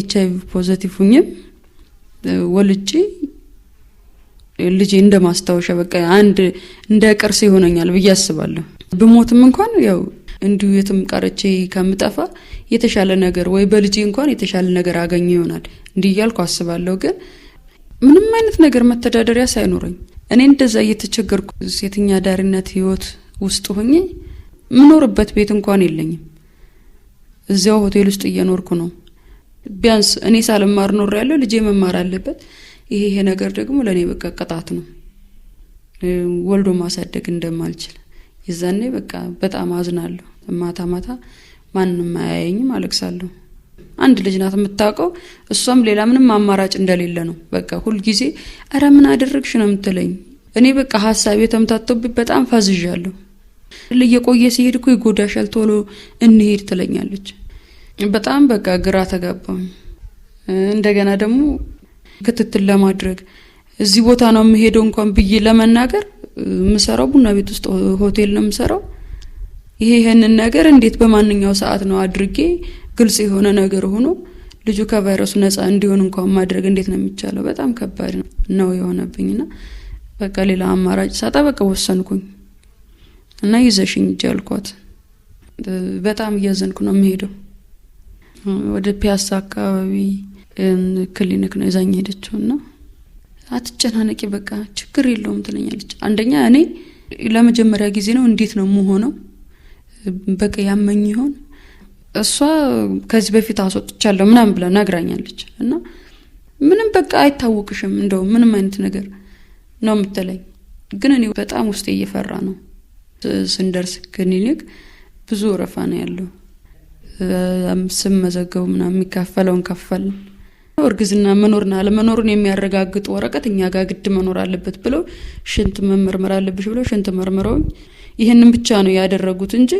ኤች አይቪ ፖዘቲቭ ሁኝም ወልጪ ልጅ እንደ ማስታወሻ በቃ አንድ እንደ ቅርስ ይሆነኛል ብዬ አስባለሁ። ብሞትም እንኳን ያው እንዲሁ የትም ቀርቼ ከምጠፋ የተሻለ ነገር ወይ በልጅ እንኳን የተሻለ ነገር አገኘ ይሆናል እንዲህ እያልኩ አስባለሁ። ግን ምንም አይነት ነገር መተዳደሪያ ሳይኖረኝ እኔ እንደዛ እየተቸገርኩ ሴተኛ ዳሪነት ህይወት ውስጥ ሁኜ ምኖርበት ቤት እንኳን የለኝም። እዚያው ሆቴል ውስጥ እየኖርኩ ነው። ቢያንስ እኔ ሳልማር ኖር ያለው ልጄ መማር አለበት። ይሄ ይሄ ነገር ደግሞ ለእኔ በቃ ቅጣት ነው፣ ወልዶ ማሳደግ እንደማልችል የዛኔ በቃ በጣም አዝናለሁ። ማታ ማታ ማንም አያየኝም፣ አለቅሳለሁ። አንድ ልጅ ናት የምታውቀው፣ እሷም ሌላ ምንም አማራጭ እንደሌለ ነው። በቃ ሁልጊዜ እረ ምን አደረግሽ ነው የምትለኝ። እኔ በቃ ሀሳቤ የተምታተውብኝ በጣም ፈዝዣለሁ። እየቆየ ሲሄድ እኮ ይጎዳሻል፣ ቶሎ እንሄድ ትለኛለች። በጣም በቃ ግራ ተጋባኝ። እንደገና ደግሞ ክትትል ለማድረግ እዚህ ቦታ ነው የምሄደው እንኳን ብዬ ለመናገር የምሰራው ቡና ቤት ውስጥ ሆቴል ነው የምሰራው። ይሄ ይህንን ነገር እንዴት በማንኛው ሰዓት ነው አድርጌ ግልጽ የሆነ ነገር ሆኖ ልጁ ከቫይረሱ ነፃ እንዲሆን እንኳን ማድረግ እንዴት ነው የሚቻለው? በጣም ከባድ ነው የሆነብኝና በቃ ሌላ አማራጭ ሳጣ በቃ ወሰንኩኝ እና ይዘሽኝ ሂጂ አልኳት። በጣም እያዘንኩ ነው የምሄደው ወደ ፒያሳ አካባቢ ክሊኒክ ነው የዛኝ ሄደችው እና አትጨናነቂ በቃ ችግር የለውም ትለኛለች። አንደኛ እኔ ለመጀመሪያ ጊዜ ነው እንዴት ነው መሆነው በቃ ያመኝ ይሆን እሷ ከዚህ በፊት አስወጥቻለሁ ምናምን ብላ ነግራኛለች እና ምንም በቃ አይታወቅሽም እንደው ምንም አይነት ነገር ነው የምትለኝ። ግን እኔ በጣም ውስጤ እየፈራ ነው። ስንደርስ ክሊኒክ ብዙ ረፋ ነው ያለው። ስም መዘገቡ ምናምን የሚካፈለውን ከፈል እርግዝና መኖርና አለመኖሩን የሚያረጋግጥ ወረቀት እኛ ጋር ግድ መኖር አለበት ብለው ሽንት መመርመር አለብሽ ብለው ሽንት መርምረውኝ ይህንን ብቻ ነው ያደረጉት እንጂ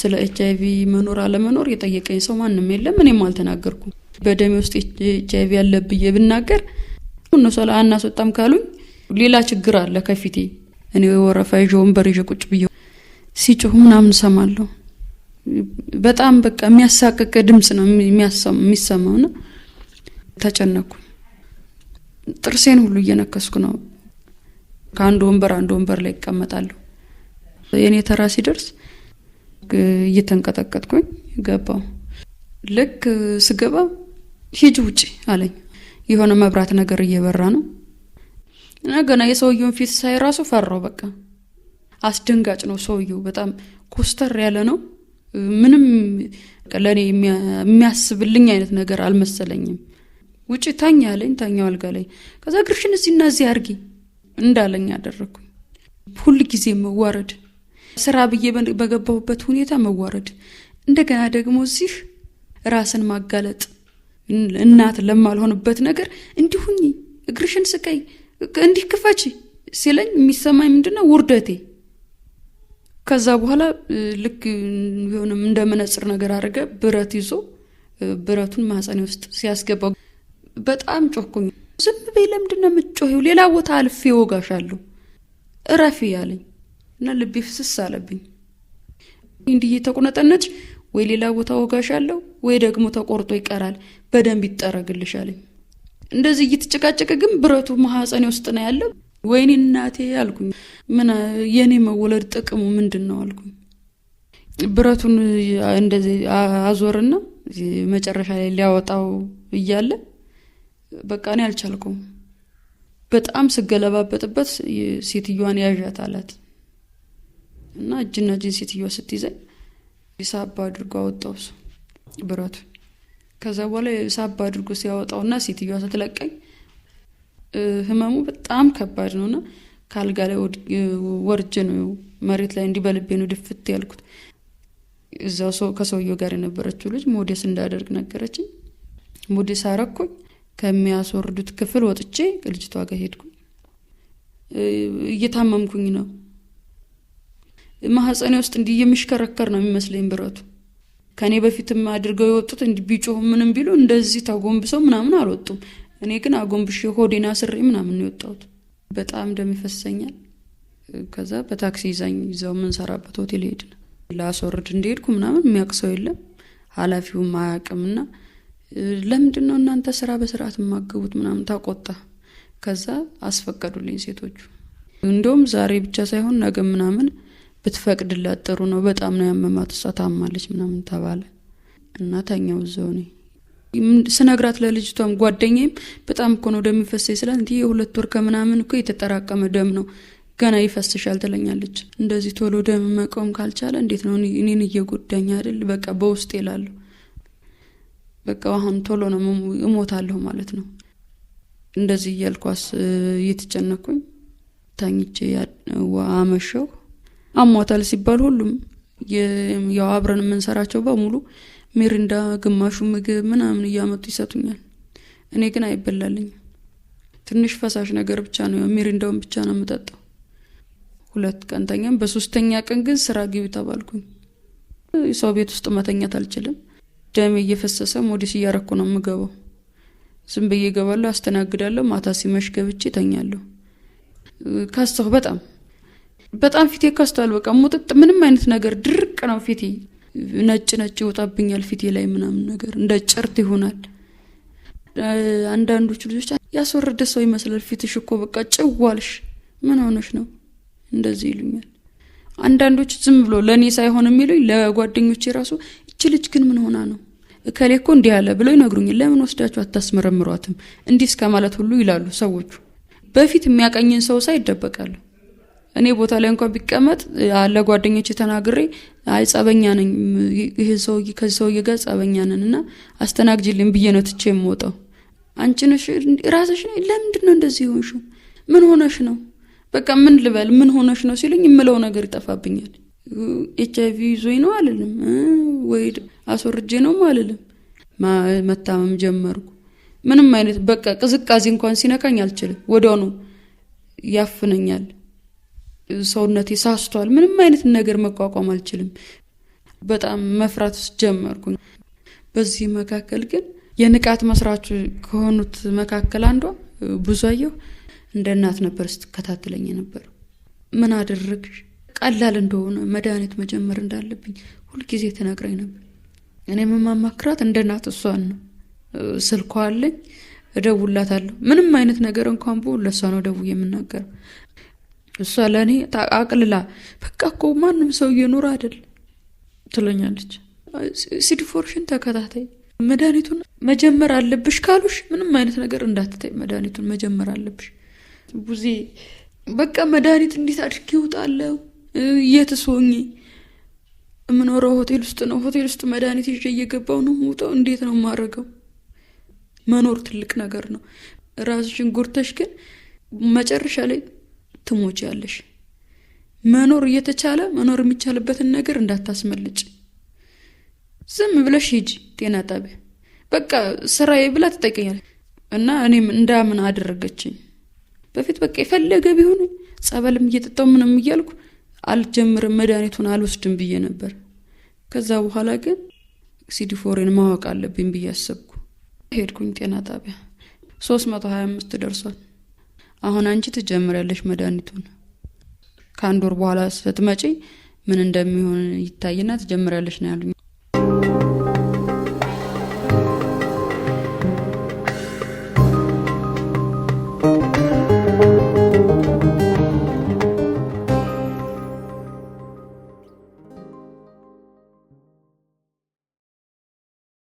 ስለ ኤች አይቪ መኖር አለመኖር የጠየቀኝ ሰው ማንም የለም። እኔም አልተናገርኩም። በደሜ ውስጥ ኤች አይቪ አለ ብዬ ብናገር እነሱ አናስወጣም ካሉኝ ሌላ ችግር አለ ከፊቴ። እኔ ወረፋ ይዤ ወንበር ይዤ ቁጭ ብዬ ሲጮሁ ምናምን ሰማለሁ። በጣም በቃ የሚያሳቅቅ ድምፅ ነው የሚሰማው። ና ተጨነኩ። ጥርሴን ሁሉ እየነከስኩ ነው። ከአንድ ወንበር አንድ ወንበር ላይ ይቀመጣለሁ። የእኔ ተራ ሲደርስ እየተንቀጠቀጥኩኝ ገባው። ልክ ስገባ ሂጅ ውጪ አለኝ። የሆነ መብራት ነገር እየበራ ነው እና ገና የሰውየውን ፊት ሳይ ራሱ ፈራው። በቃ አስደንጋጭ ነው ሰውየው። በጣም ኮስተር ያለ ነው። ምንም ለእኔ የሚያስብልኝ አይነት ነገር አልመሰለኝም። ውጭ ታኛ አለኝ። ታኛው አልጋ ላይ ከዛ እግርሽን እዚህና እዚህ አርጊ እንዳለኝ አደረግኩ ሁል ጊዜ መዋረድ፣ ስራ ብዬ በገባሁበት ሁኔታ መዋረድ፣ እንደገና ደግሞ እዚህ ራስን ማጋለጥ፣ እናት ለማልሆንበት ነገር እንዲሁኝ እግርሽን ስቀይ እንዲህ ክፈቺ ሲለኝ የሚሰማኝ ምንድነው ውርደቴ ከዛ በኋላ ልክ ቢሆንም እንደ መነጽር ነገር አድርገ ብረት ይዞ ብረቱን ማህፀኔ ውስጥ ሲያስገባ በጣም ጮኩኝ። ዝም በይ ለምንድን ነው የምትጮኸው? ሌላ ቦታ አልፌ እወጋሻለሁ እረፊ ያለኝ እና ልቤ ፍስስ አለብኝ። እንዲህ እየተቁነጠነች ወይ ሌላ ቦታ እወጋሻለሁ ወይ ደግሞ ተቆርጦ ይቀራል በደንብ ይጠረግልሽ አለኝ። እንደዚህ እየተጨቃጨቀ ግን ብረቱ ማህፀኔ ውስጥ ነው ያለው። ወይኔ እናቴ አልኩኝ። ምን የእኔ መወለድ ጥቅሙ ምንድን ነው አልኩኝ። ብረቱን እንደዚህ አዞርና መጨረሻ ላይ ሊያወጣው እያለ በቃ እኔ አልቻልኩም። በጣም ስገለባበጥበት ሴትዮዋን ያዣት አላት እና እጅና እጅን ሴትዮዋ ስትይዘኝ ሳባ አድርጎ አወጣው እሱ ብረቱ። ከዛ በኋላ ሳባ አድርጎ ሲያወጣውና ሴትዮዋ ስትለቀኝ ህመሙ በጣም ከባድ ነውና ከአልጋ ላይ ወርጄ ነው መሬት ላይ እንዲበልቤ ነው ድፍት ያልኩት። እዛው ሰው ከሰውየው ጋር የነበረችው ልጅ ሞዴስ እንዳደርግ ነገረችኝ። ሞዴስ አረኩኝ። ከሚያስወርዱት ክፍል ወጥቼ ልጅቷ ጋር ሄድኩኝ። እየታመምኩኝ ነው። ማህፀኔ ውስጥ እንዲህ የሚሽከረከር ነው የሚመስለኝ ብረቱ። ከእኔ በፊትም አድርገው የወጡት እንዲ ቢጮሁ ምንም ቢሉ እንደዚህ ተጎንብሰው ምናምን አልወጡም። እኔ ግን አጎንብሼ ሆዴና ስሬ ምናምን ነው የወጣሁት። በጣም ደም ይፈሰኛል። ከዛ በታክሲ ይዛኝ ይዘው የምንሰራበት ሆቴል ሄድን። ላስወርድ እንደሄድኩ ምናምን የሚያውቅ ሰው የለም ኃላፊውም አያውቅምና ለምንድን ነው እናንተ ስራ በስርዓት የማገቡት ምናምን ታቆጣ። ከዛ አስፈቀዱልኝ ሴቶቹ። እንደውም ዛሬ ብቻ ሳይሆን ነገ ምናምን ብትፈቅድላት ጥሩ ነው፣ በጣም ነው ያመማት፣ እሷ ታማለች ምናምን ተባለ እና ተኛው እዛው እኔ ስነግራት ለልጅቷም ጓደኛም በጣም እኮ ነው ደም ይፈሰ ስላት እንዲህ የሁለት ወር ከምናምን እኮ የተጠራቀመ ደም ነው ገና ይፈስሻል ትለኛለች። እንደዚህ ቶሎ ደም መቆም ካልቻለ እንዴት ነው እኔን እየጎዳኝ አይደል? በቃ በውስጥ ይላሉ። በቃ አሁን ቶሎ ነው እሞታለሁ ማለት ነው። እንደዚህ እያልኳስ እየተጨነኩኝ ታኝቼ አመሸው። አሟታል ሲባል ሁሉም ያው አብረን የምንሰራቸው በሙሉ ሚሪንዳ፣ ግማሹ ምግብ ምናምን እያመጡ ይሰጡኛል። እኔ ግን አይበላልኝም። ትንሽ ፈሳሽ ነገር ብቻ ነው ሚሪንዳውን ብቻ ነው የምጠጣው። ሁለት ቀን ተኛም። በሶስተኛ ቀን ግን ስራ ግቢ ተባልኩኝ። ሰው ቤት ውስጥ መተኛት አልችልም። ደሜ እየፈሰሰ ሞዲስ እያረኩ ነው የምገባው። ዝም ብዬ እገባለሁ፣ አስተናግዳለሁ። ማታ ሲመሽ ገብቼ ተኛለሁ። ካስተሁ በጣም በጣም ፊቴ ካስተዋል። በቃ ሙጥጥ ምንም አይነት ነገር ድርቅ ነው ፊቴ። ነጭ ነጭ ይወጣብኛል ፊቴ ላይ ምናምን ነገር እንደ ጭርት ይሆናል። አንዳንዶቹ ልጆች ያስወረደ ሰው ይመስላል ፊትሽ እኮ በቃ ጭዋልሽ ምን ሆነሽ ነው እንደዚህ ይሉኛል። አንዳንዶች ዝም ብሎ ለእኔ ሳይሆን የሚሉኝ ለጓደኞቼ ራሱ እች ልጅ ግን ምን ሆና ነው እከሌ እኮ እንዲህ አለ ብሎ ይነግሩኝ። ለምን ወስዳችሁ አታስመረምሯትም እንዲህ እስከ ማለት ሁሉ ይላሉ ሰዎቹ። በፊት የሚያቀኝን ሰው ሳይ ይደበቃሉ። እኔ ቦታ ላይ እንኳ ቢቀመጥ አለ ጓደኞች ተናግሬ አይ ጸበኛ ነኝ ይህ ሰው ከዚ ሰውዬ ጋር ጸበኛ ነን እና አስተናግጅልኝ ብዬ ነው ትቼ የምወጣው። አንቺ ነሽ ራስሽ ነኝ። ለምንድን ነው እንደዚህ ሆንሽ? ምን ሆነሽ ነው? በቃ ምን ልበል? ምን ሆነሽ ነው ሲሉኝ የምለው ነገር ይጠፋብኛል። ኤች አይቪ ቪ ይዞኝ ነው አልልም፣ ወይ አስወርጄ ነው አልልም። መታመም ጀመርኩ። ምንም አይነት በቃ ቅዝቃዜ እንኳን ሲነካኝ አልችልም፣ ወደኑ ያፍነኛል። ሰውነት ይሳስቷል ምንም አይነት ነገር መቋቋም አልችልም። በጣም መፍራት ውስጥ ጀመርኩ። በዚህ መካከል ግን የንቃት መስራች ከሆኑት መካከል አንዷ ብዙየው እንደ እናት ነበር ስትከታተለኝ ነበር። ምን አደረግ ቀላል እንደሆነ መድኃኒት መጀመር እንዳለብኝ ሁልጊዜ ትነግረኝ ነበር። እኔ የምማማክራት እንደ እናት እሷን ነው። ስልኳ አለኝ፣ እደውላታለሁ። ምንም አይነት ነገር እንኳን ብሆን ለእሷ ነው ደውዬ የምናገረው። እሷ ለእኔ አቅልላ በቃ እኮ ማንም ሰው እየኖረ አይደል ትለኛለች። ሲዲፎርሽን ተከታታይ መድኃኒቱን መጀመር አለብሽ ካሉሽ ምንም አይነት ነገር እንዳትታይ፣ መድኃኒቱን መጀመር አለብሽ። ቡዜ በቃ መድኃኒት እንዴት አድርጌ እወጣለሁ? የትስ የምኖረው ሆቴል ውስጥ ነው። ሆቴል ውስጥ መድኃኒት ይዤ እየገባው ነው የምወጣው። እንዴት ነው የማደርገው? መኖር ትልቅ ነገር ነው። ራስሽን ጉርተሽ ግን መጨረሻ ላይ ያለሽ መኖር እየተቻለ መኖር የሚቻልበትን ነገር እንዳታስመልጭ። ዝም ብለሽ ሂጂ ጤና ጣቢያ በቃ ስራዬ ብላ ትጠይቀኛለች እና እኔም እንዳምን አደረገችኝ። በፊት በቃ የፈለገ ቢሆን ጸበልም እየጠጣው ምንም እያልኩ አልጀምርም መድኃኒቱን አልወስድም ብዬ ነበር። ከዛ በኋላ ግን ሲዲፎሬን ማወቅ አለብኝ ብዬ አሰብኩ። ሄድኩኝ ጤና ጣቢያ አምስት ደርሷል። አሁን አንቺ ትጀምሪያለሽ መድኃኒቱን ከአንድ ወር በኋላ ስትመጪ ምን እንደሚሆን ይታይና ትጀምሪያለሽ ነው ያሉኝ።